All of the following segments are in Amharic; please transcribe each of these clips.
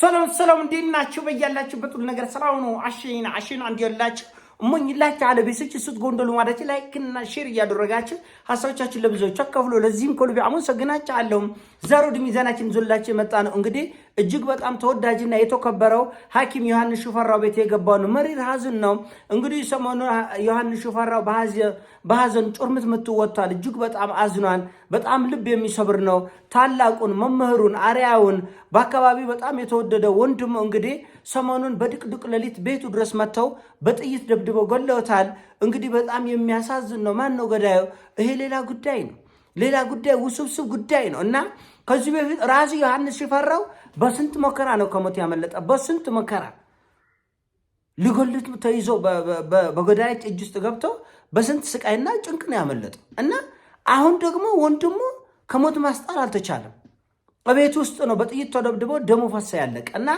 ሰላም ሰላም፣ እንዴት ናችሁ? በያላችሁበት ሁሉ ነገር ሰላም ነው። አሽን አሽን አንድ ያላችሁ እሞኝላችሁ አለ ቤቶች እሱት ጎንደሉ ማለት ላይክ እና ሼር እያደረጋችሁ ሀሳቦቻችሁን ለብዙዎች አካፍሎ ለዚህም ከልቤ አመሰግናችኋለሁ። ዛሬ ወደ ሚዛናችን ዞላችሁ የመጣ ነው እንግዲህ እጅግ በጣም ተወዳጅና የተከበረው ሐኪም ዮሐንስ ሽፈራው ቤት የገባው ነው። መሪር ሐዘን ነው እንግዲህ ሰሞኑ ዮሐንስ ሽፈራው በሀዘን ጩርምት ምትወጥቷል። እጅግ በጣም አዝኗን፣ በጣም ልብ የሚሰብር ነው። ታላቁን መምህሩን አርያውን በአካባቢ በጣም የተወደደ ወንድሙ እንግዲህ ሰሞኑን በድቅድቅ ሌሊት ቤቱ ድረስ መጥተው በጥይት ደብድበው ገለውታል። እንግዲህ በጣም የሚያሳዝን ነው። ማን ነው ገዳዩ? ይሄ ሌላ ጉዳይ ነው። ሌላ ጉዳይ ውስብስብ ጉዳይ ነው እና ከዚህ በፊት ራሱ ዮሐንስ ሽፈራው በስንት መከራ ነው ከሞት ያመለጠ። በስንት መከራ ሊጎልት ተይዞ በጎዳናዎች እጅ ውስጥ ገብቶ በስንት ስቃይና ጭንቅ ነው ያመለጠ እና አሁን ደግሞ ወንድሙ ከሞት ማስጣር አልተቻለም። በቤት ውስጥ ነው በጥይት ተደብድቦ ደሙ ፈሳ ያለቀ እና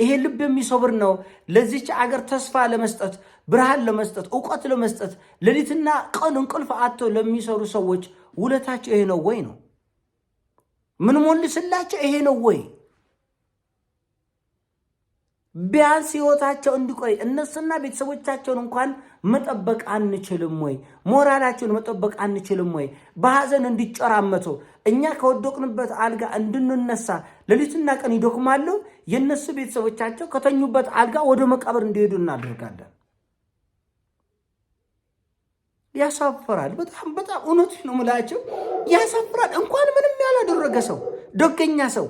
ይሄ ልብ የሚሰብር ነው። ለዚች አገር ተስፋ ለመስጠት ብርሃን ለመስጠት እውቀት ለመስጠት ሌሊትና ቀን እንቅልፍ አጥተው ለሚሰሩ ሰዎች ውለታቸው ይሄ ነው ወይ ነው? ምን ሞልስላቸው ይሄ ነው ወይ? ቢያንስ ህይወታቸው እንዲቆይ እነሱና ቤተሰቦቻቸውን እንኳን መጠበቅ አንችልም ወይ? ሞራላችን መጠበቅ አንችልም ወይ? በሐዘን እንዲጨራመቱ እኛ ከወደቅንበት አልጋ እንድንነሳ ሌሊትና ቀን ይደክማሉ። የእነሱ ቤተሰቦቻቸው ከተኙበት አልጋ ወደ መቃብር እንዲሄዱ እናደርጋለን። ያሳፍራል። በጣም በጣም እውነት ነው የምላቸው፣ ያሳፍራል። እንኳን ምንም ያላደረገ ሰው ደገኛ ሰው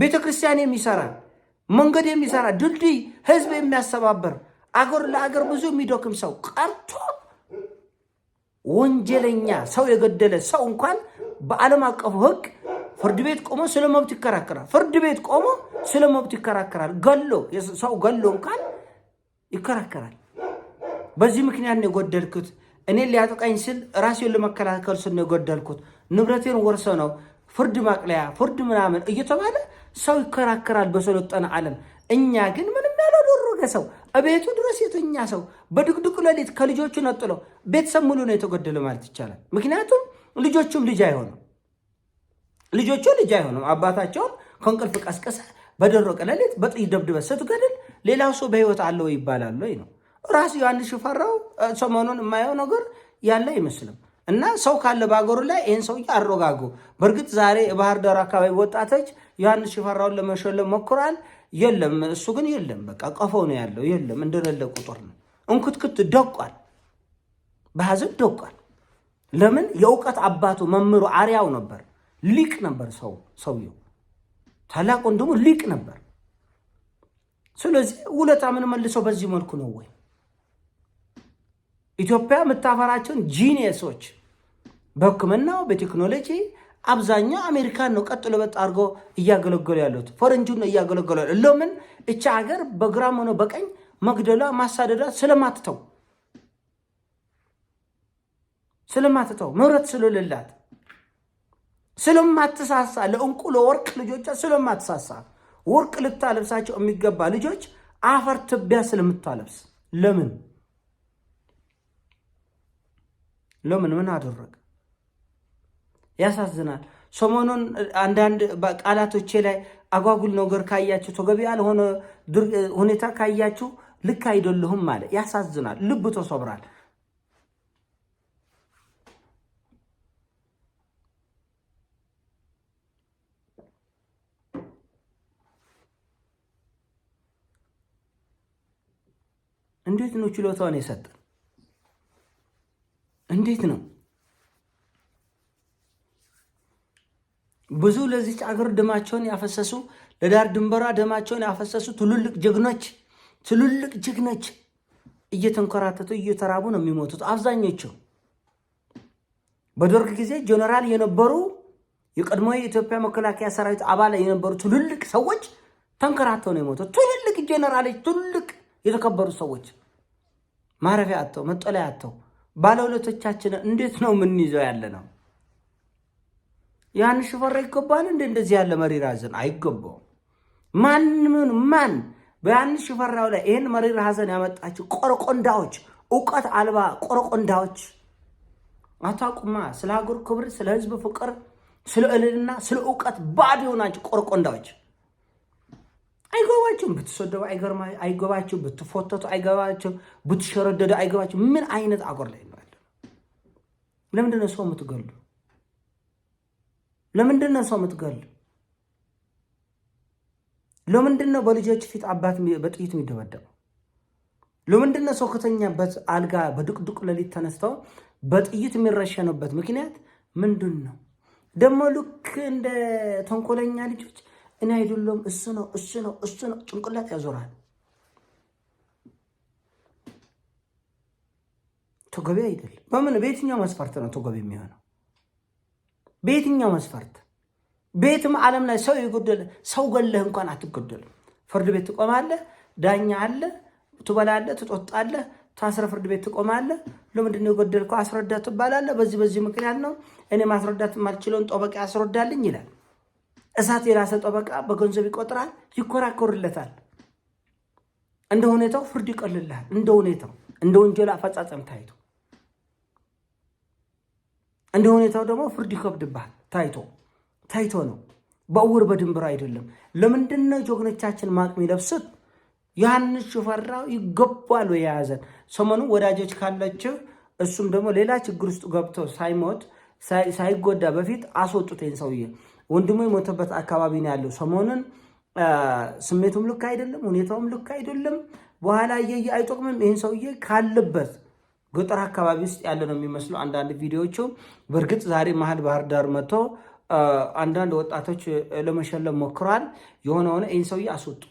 ቤተ ክርስቲያን የሚሰራ መንገድ የሚሰራ ድልድይ ህዝብ የሚያሰባበር አገር ለአገር ብዙ የሚደክም ሰው ቀርቶ ወንጀለኛ ሰው የገደለ ሰው እንኳን በዓለም አቀፉ ሕግ ፍርድ ቤት ቆሞ ስለ መብት ይከራከራል። ፍርድ ቤት ቆሞ ስለ መብት ይከራከራል። ገሎ ሰው ገሎ እንኳን ይከራከራል። በዚህ ምክንያት ነው የጎደልኩት፣ እኔ ሊያጠቃኝ ስል ራሴን ለመከላከል ስል ነው የጎደልኩት፣ ንብረቴን ወርሰ ነው ፍርድ ማቅለያ ፍርድ ምናምን እየተባለ ሰው ይከራከራል በሰለጠነ ዓለም። እኛ ግን ምን የሆነ ሰው እቤቱ ድረስ የተኛ ሰው በድቅድቁ ሌሊት ከልጆቹ ነጥሎ ቤተሰብ ሙሉ ነው የተጎደለ ማለት ይቻላል። ምክንያቱም ልጆቹም ልጅ አይሆኑም፣ ልጆቹ ልጅ አይሆኑም። አባታቸውን ከእንቅልፍ ቀስቀሰ በደረቀ ሌሊት በጥይት ደብድበ ስትገድል ሌላው ሰው በህይወት አለው ይባላል ነው ራሱ ዮሐንስ ሽፈራው ሰሞኑን የማየው ነገር ያለ አይመስልም። እና ሰው ካለ በአገሩ ላይ ይህን ሰውዬ አረጋጉ። በእርግጥ ዛሬ የባህር ዳር አካባቢ ወጣቶች ዮሐንስ ሽፈራውን ለመሸለም ሞክሯል። የለም። እሱ ግን የለም፣ በቃ ቀፈው ነው ያለው። የለም እንደሌለ ቁጥር ነው። እንክትክት ደቋል፣ በሀዘን ደቋል። ለምን የእውቀት አባቱ መምህሩ አርያው ነበር፣ ሊቅ ነበር። ሰው ሰውየው ታላቅ ወንድሙ ሊቅ ነበር። ስለዚህ ውለታ የምንመልሰው በዚህ መልኩ ነው ወይ? ኢትዮጵያ የምታፈራቸውን ጂኒየሶች በህክምናው በቴክኖሎጂ አብዛኛው አሜሪካን ነው ቀጥሎ በጣ አድርጎ እያገለገሉ ያሉት ፈረንጁ ነው እያገለገሉ ያሉት። ለምን እቻ ሀገር በግራም ሆነ በቀኝ መግደሏ ማሳደዷ ስለማትተው ስለማትተው ምሕረት ስለሌላት ስለማትሳሳ ለእንቁ ለወርቅ ልጆቿ ስለማትሳሳ ወርቅ ልታለብሳቸው የሚገባ ልጆች አፈር ትቢያ ስለምታለብስ ለምን ለምን ምን አደረግ ያሳዝናል። ሰሞኑን አንዳንድ ቃላቶቼ ላይ አጓጉል ነገር ካያችሁ፣ ተገቢ ያልሆነ ሁኔታ ካያችሁ ልክ አይደለሁም ማለት ያሳዝናል። ልብ ተሰብራል። እንዴት ነው ችሎታውን የሰጠን? እንዴት ነው ብዙ ለዚች አገር ደማቸውን ያፈሰሱ ለዳር ድንበሯ ደማቸውን ያፈሰሱ ትልልቅ ጀግኖች ትልልቅ ጀግኖች እየተንከራተቱ እየተራቡ ነው የሚሞቱት። አብዛኞቹ በደርግ ጊዜ ጀነራል የነበሩ የቀድሞ የኢትዮጵያ መከላከያ ሰራዊት አባል የነበሩ ትልልቅ ሰዎች ተንከራተው ነው የሞቱት። ትልልቅ ጀነራሎች፣ ትልልቅ የተከበሩ ሰዎች ማረፊያ አጥተው መጠለያ አጥተው ባለውለቶቻችን እንዴት ነው የምንይዘው ያለ ነው? ያን ሽፈራ ይገባል እንደ እንደዚህ ያለ መሪር ሐዘን አይገባውም። ማንምን ማን በያን ሽፈራው ላይ ይህን መሪር ሐዘን ያመጣችው ቆረቆንዳዎች፣ እውቀት አልባ ቆረቆንዳዎች አታውቁማ። ስለ ሀገር ክብር፣ ስለ ህዝብ ፍቅር፣ ስለ እልልና ስለ እውቀት ባድ የሆናችሁ ቆረቆንዳዎች አይገባችሁም። ብትሰደቡ አይገባችሁም። ብትፎተቱ አይገባችሁም። ብትሸረደዱ አይገባችሁም። ምን አይነት አገር ላይ ነው ያለ? ለምንድነው ሰው የምትገሉ? ለምንድን ነው ሰው የምትገል? ለምንድን ነው በልጆች ፊት አባት በጥይት የሚደበደበው? ለምንድን ነው ሰው ከተኛበት አልጋ በድቅድቅ ሌሊት ተነስተው በጥይት የሚረሸኑበት ምክንያት ምንድን ነው? ደግሞ ልክ እንደ ተንኮለኛ ልጆች እኔ አይደለም እሱ ነው እሱ ነው እሱ ነው ጭንቅላት ያዞራል። ተገቢ አይደለም። በምን በየትኛው መስፈርት ነው ተገቢ የሚሆነው? በየትኛው መስፈርት በየትም ዓለም ላይ ሰው ይጎደል ሰው ገለህ እንኳን አትጎደልም። ፍርድ ቤት ትቆማለህ፣ ዳኛ አለ፣ ትበላለህ፣ ትጦጣለህ፣ ታስረ ፍርድ ቤት ትቆማለህ። ለምንድነው ነው የጎደልከው? አስረዳ ትባላለህ። በዚህ በዚህ ምክንያት ነው እኔ ማስረዳት የማልችለውን ጠበቃ ያስረዳልኝ ይላል። እሳት የራሰ ጠበቃ በገንዘብ ይቆጥራል፣ ይኮራኮርለታል። እንደ ሁኔታው ፍርድ ይቀልልሃል። እንደ ሁኔታው እንደ ወንጀል አፈጻጸም ታይቶ እንደ ሁኔታው ደግሞ ፍርድ ይከብድብሃል። ታይቶ ታይቶ ነው፣ በእውር በድንብር አይደለም። ለምንድነው ጆግኖቻችን ጀግኖቻችን ማቅ የሚለብሱት? ዮሐንስ ሽፈራው ይገባሉ የያዘን ሰሞኑ ወዳጆች ካላችሁ፣ እሱም ደግሞ ሌላ ችግር ውስጥ ገብቶ ሳይሞት ሳይጎዳ በፊት አስወጡትኝ ሰውዬ ወንድሙ የሞተበት አካባቢ ነው ያለው። ሰሞኑን ስሜቱም ልክ አይደለም፣ ሁኔታውም ልክ አይደለም። በኋላ እየየ አይጠቅምም። ይህን ሰውዬ ካለበት ገጠር አካባቢ ውስጥ ያለ ነው የሚመስሉ አንዳንድ ቪዲዮዎቹ። በእርግጥ ዛሬ መሀል ባህር ዳር መጥቶ አንዳንድ ወጣቶች ለመሸለም ሞክረዋል። የሆነ ሆነ ይህን ሰውዬ አስወጡ።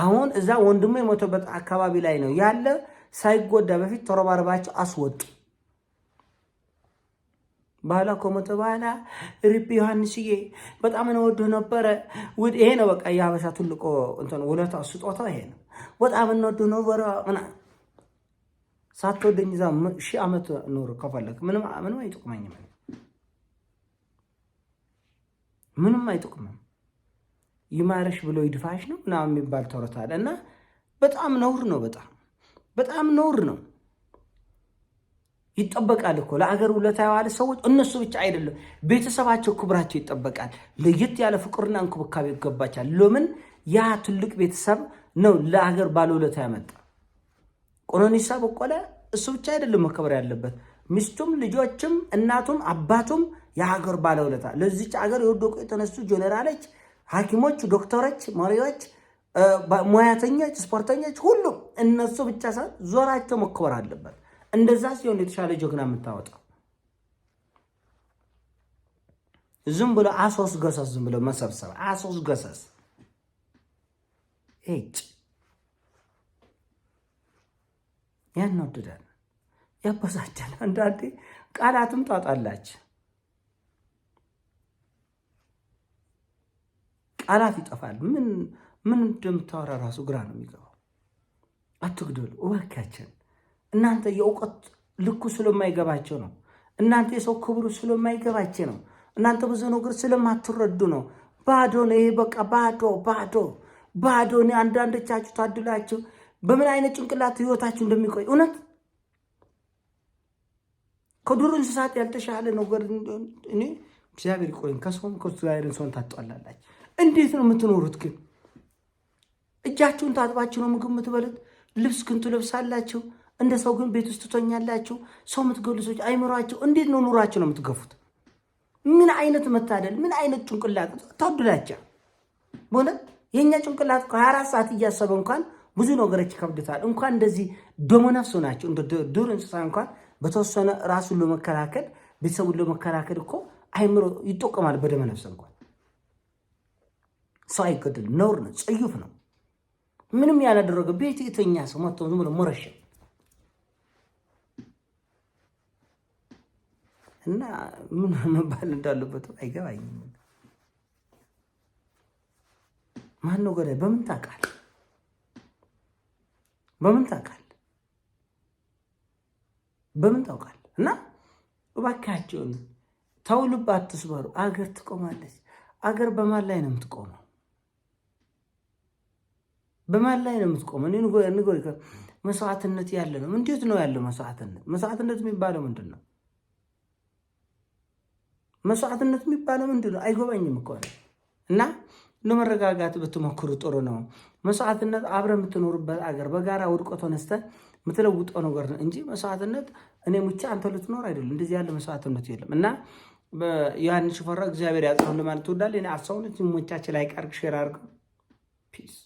አሁን እዛ ወንድሙ የሞተበት አካባቢ ላይ ነው ያለ። ሳይጎዳ በፊት ተረባርባቸው አስወጡ። ባህላ ከሞተ በኋላ ሪፕ ዮሐንስዬ በጣም እንወድህ ነበረ። ይሄ ነው በቃ የሀበሻ ትልቆ ስጦታ ይሄ ነው። በጣም እንወድህ ነበረ ምናምን ሳትወደኝ እዛ ሺህ ዓመት ኖር ከፈለክ ምንም ምንም አይጠቅመኝም፣ ምንም አይጠቅምም። ይማረሽ ብሎ ይድፋሽ ነው ና የሚባል ተረት አለ እና በጣም ነውር ነው። በጣም በጣም ነውር ነው። ይጠበቃል እኮ ለአገር ውለታ የዋለ ሰዎች እነሱ ብቻ አይደለም፣ ቤተሰባቸው ክብራቸው ይጠበቃል። ለየት ያለ ፍቅርና እንክብካቤ ይገባቻል። ለምን ያ ትልቅ ቤተሰብ ነው ለአገር ባለውለታ ያመጣ ቀነኒሳ በቀለ እሱ ብቻ አይደለም መከበር ያለበት፣ ሚስቱም፣ ልጆችም፣ እናቱም አባቱም የሀገር ባለውለታ ለዚች ሀገር የወደቁ የተነሱ ጀኔራሎች፣ ሐኪሞች፣ ዶክተሮች፣ መሪዎች፣ ሙያተኞች፣ ስፖርተኞች ሁሉም እነሱ ብቻ ሳይሆን ዞራቸው መከበር አለበት። እንደዛ ሲሆን የተሻለ ጀግና የምታወጣው ዝም ብሎ አሶስ ገሰስ ዝም ብሎ መሰብሰብ አሶስ ገሰስ ያናውድዳል፣ ያበሳጫል። አንዳንዴ ቃላትም ጣጣላች ቃላት ይጠፋል። ምን ምን እንደምታወራ ራሱ ግራ ነው የሚገባው። አትግደሉ እባካችን እናንተ የእውቀት ልኩ ስለማይገባቸው ነው። እናንተ የሰው ክብሩ ስለማይገባቸው ነው። እናንተ ብዙ ነገር ስለማትረዱ ነው። ባዶ ነው ይሄ በቃ ባዶ ባዶ ባዶ። እኔ አንዳንዶቻችሁ ታድላችሁ በምን አይነት ጭንቅላት ህይወታችሁ እንደሚቆይ እውነት ከዱር እንስሳት ያልተሻለ ነገር እኔ እግዚአብሔር ይቆይን። ከሰውም ከእግዚአብሔርን ሰውን ታጧላላችሁ። እንዴት ነው የምትኖሩት ግን? እጃችሁን ታጥባችሁ ነው ምግብ የምትበሉት፣ ልብስ ግን ትለብሳላችሁ። እንደ ሰው ግን ቤት ውስጥ ትተኛላችሁ። ሰው የምትገሉ ሰዎች አይምሯቸው እንዴት ነው ኑሯቸው ነው የምትገፉት? ምን አይነት መታደል፣ ምን አይነት ጭንቅላት ታድላችሁ። በእውነት የእኛ ጭንቅላት ከ24 ሰዓት እያሰበ እንኳን ብዙ ነገሮች ይከብድታል። እንኳን እንደዚህ ደመነፍስ ናቸው እንደ ዱር እንስሳ እንኳን በተወሰነ ራሱን ለመከላከል ቤተሰቡን ለመከላከል እኮ አይምሮ ይጠቀማል። በደመነፍስ እንኳን ሰው አይገድልም። ነውር ነው፣ ጽዩፍ ነው። ምንም ያላደረገ ቤት የተኛ ሰው መጥቶ ዝም ብሎ መረሸ እና ምን መባል እንዳለበት አይገባኝም። ማን ነው ገዳይ? በምን ታውቃለህ? በምን ታውቃል? በምን ታውቃል? እና እባካቸውን ተው፣ ልብ አትስበሩ። አገር ትቆማለች። አገር በማን ላይ ነው የምትቆመው? በማን ላይ ነው የምትቆመው? መስዋዕትነት ያለ ነው። እንዴት ነው ያለው መስዋዕትነት? መስዋዕትነት የሚባለው ምንድን ነው? መስዋዕትነት የሚባለው ምንድን ነው? አይጎበኝም እኮ እና ለመረጋጋት ብትሞክሩ ጥሩ ነው። መስዋዕትነት አብረ የምትኖርበት አገር በጋራ ውድቆ ተነስተ የምትለውጠው ነገር ነው እንጂ መስዋዕትነት እኔ ሙቼ አንተ ልትኖር አይደለም። እንደዚህ ያለ መስዋዕትነት የለም እና ዮሐንስ ሽፈራው እግዚአብሔር ያጽናው ለማለት ትወዳል። አሳውነት ሞቻችን ላይ ቀርቅ ሼር አድርገው ፒስ